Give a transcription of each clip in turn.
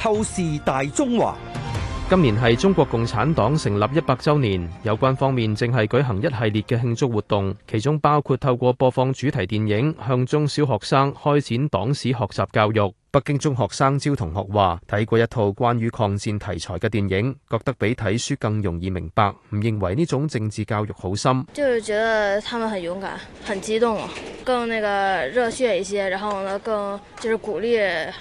透視大中華。今年係中國共產黨成立一百周年，有關方面正係舉行一系列嘅慶祝活動，其中包括透過播放主題電影，向中小學生開展黨史學習教育。北京中學生招同學話睇過一套關於抗戰題材嘅電影，覺得比睇書更容易明白，唔認為呢種政治教育好深。就是覺得他們很勇敢，很激動啊，更那個熱血一些，然後呢更就是鼓勵人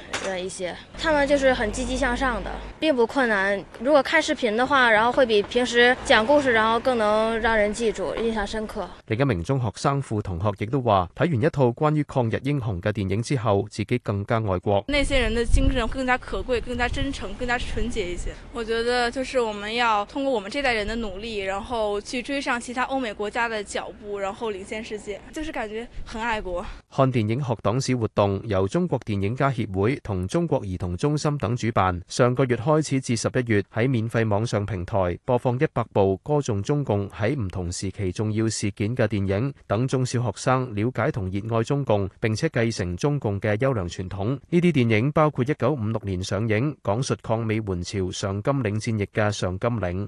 一些，他們就是很積極向上的，並不困難。如果看視頻的話，然後會比平時講故事然後更能讓人記住，印象深刻。另一名中學生付同學亦都話睇完一套關於抗日英雄嘅電影之後，自己更加愛國。那些人的精神更加可貴，更加真誠，更加純潔一些。我覺得就是我們要通過我們這代人的努力，然後去追上其他歐美國家的腳步，然後領先世界，就是感覺很愛國。看電影學黨史活動由中國電影家協會同中國兒童中心等主辦，上個月開始至十一月喺免費網上平台播放一百部歌頌中共喺唔同時期重要事件嘅電影，等中小學生了解同熱愛中共，並且繼承中共嘅優良傳統。呢啲電影包括一九五六年上映、講述抗美援朝上甘嶺戰役嘅《上甘嶺》。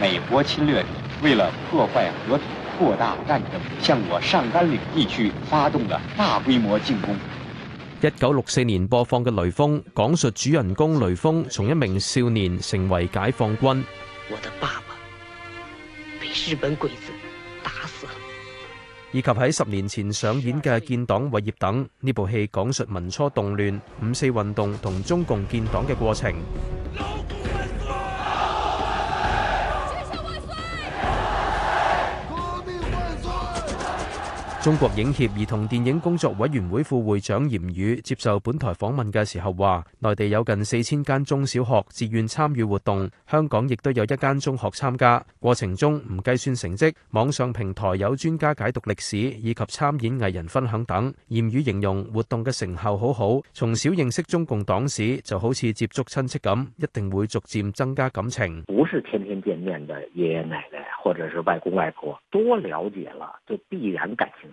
美國侵略者為了破壞和平、擴大戰爭，向我上甘嶺地區發動了大規模進攻。一九六四年播放嘅《雷鋒》，講述主人公雷鋒從一名少年成為解放軍。我的爸爸被日本鬼子。以及喺十年前上演嘅《建黨偉業》等，呢部戲講述民初動亂、五四運動同中共建黨嘅過程。中國影協兒童電影工作委員會副會長閻宇接受本台訪問嘅時候話：內地有近四千間中小學志願參與活動，香港亦都有一間中學參加。過程中唔計算成績，網上平台有專家解讀歷史以及參演藝人分享等。閻宇形容活動嘅成效好好，從小認識中共黨史就好似接觸親戚咁，一定會逐漸增加感情。不是天天見面嘅爺爺奶奶，或者是外公外婆，多了解了就必然感情。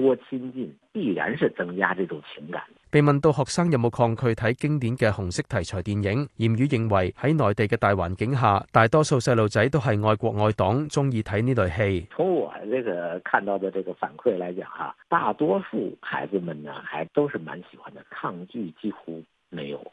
多親近，必然是增加這種情感。被問到學生有冇抗拒睇經典嘅紅色題材電影，閻宇認為喺內地嘅大環境下，大多數細路仔都係愛國愛黨，中意睇呢類戲。從我這個看到的這個反饋來講，哈，大多數孩子們呢，還都是蠻喜歡的，抗拒幾乎沒有。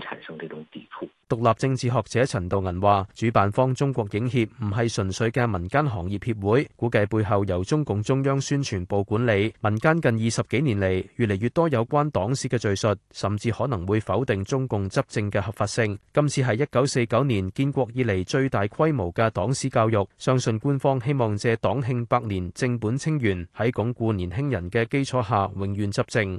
產生呢種地庫，獨立政治學者陳道銀話，主辦方中國影協唔係純粹嘅民間行業協會，估計背後由中共中央宣傳部管理。民間近二十幾年嚟，越嚟越多有關黨史嘅敘述，甚至可能會否定中共執政嘅合法性。今次係一九四九年建國以嚟最大規模嘅黨史教育。相信官方希望借黨慶百年正本清源，喺鞏固年輕人嘅基礎下，永遠執政。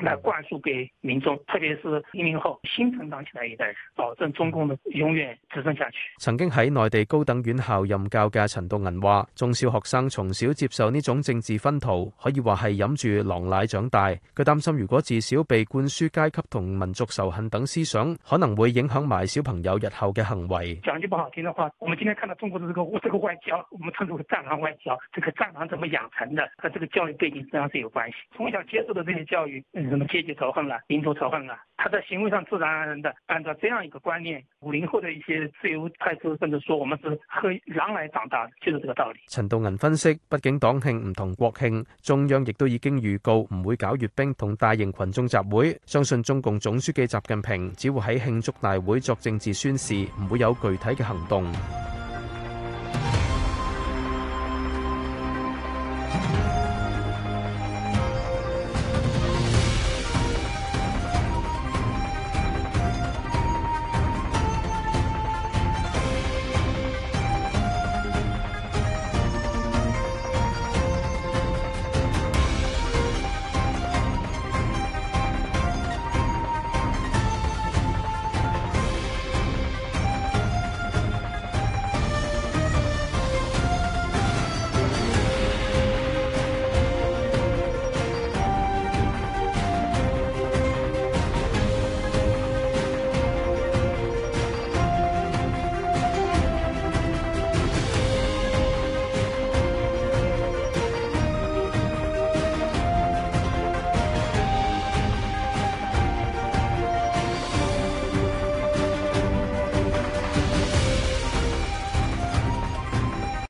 來灌輸給民眾，特別是零零後新成長起來一代人，保證中共的永遠執政下去。曾經喺內地高等院校任教嘅陳道銀話，中小學生從小接受呢種政治熏陶，可以話係飲住狼奶長大。佢擔心如果自小被灌輸階級同民族仇恨等思想，可能會影響埋小朋友日後嘅行為。講句不好聽嘅話，我們今天看到中國的這個，這個外交，我們稱之為戰狼外交。這個戰狼怎麼養成的，和這個教育背景實際上是有關係。從小接受到這些教育，嗯。什麼階級仇恨啦，民族仇恨啦，他在行為上自然而然的按照這樣一個觀念。五零後的一些自由派士，甚至說我們是喝狼奶長大，就是這個道理。陳道銀分析，畢竟黨慶唔同國慶，中央亦都已經預告唔會搞閱兵同大型群眾集會，相信中共總書記習近平只會喺慶祝大會作政治宣示，唔會有具體嘅行動。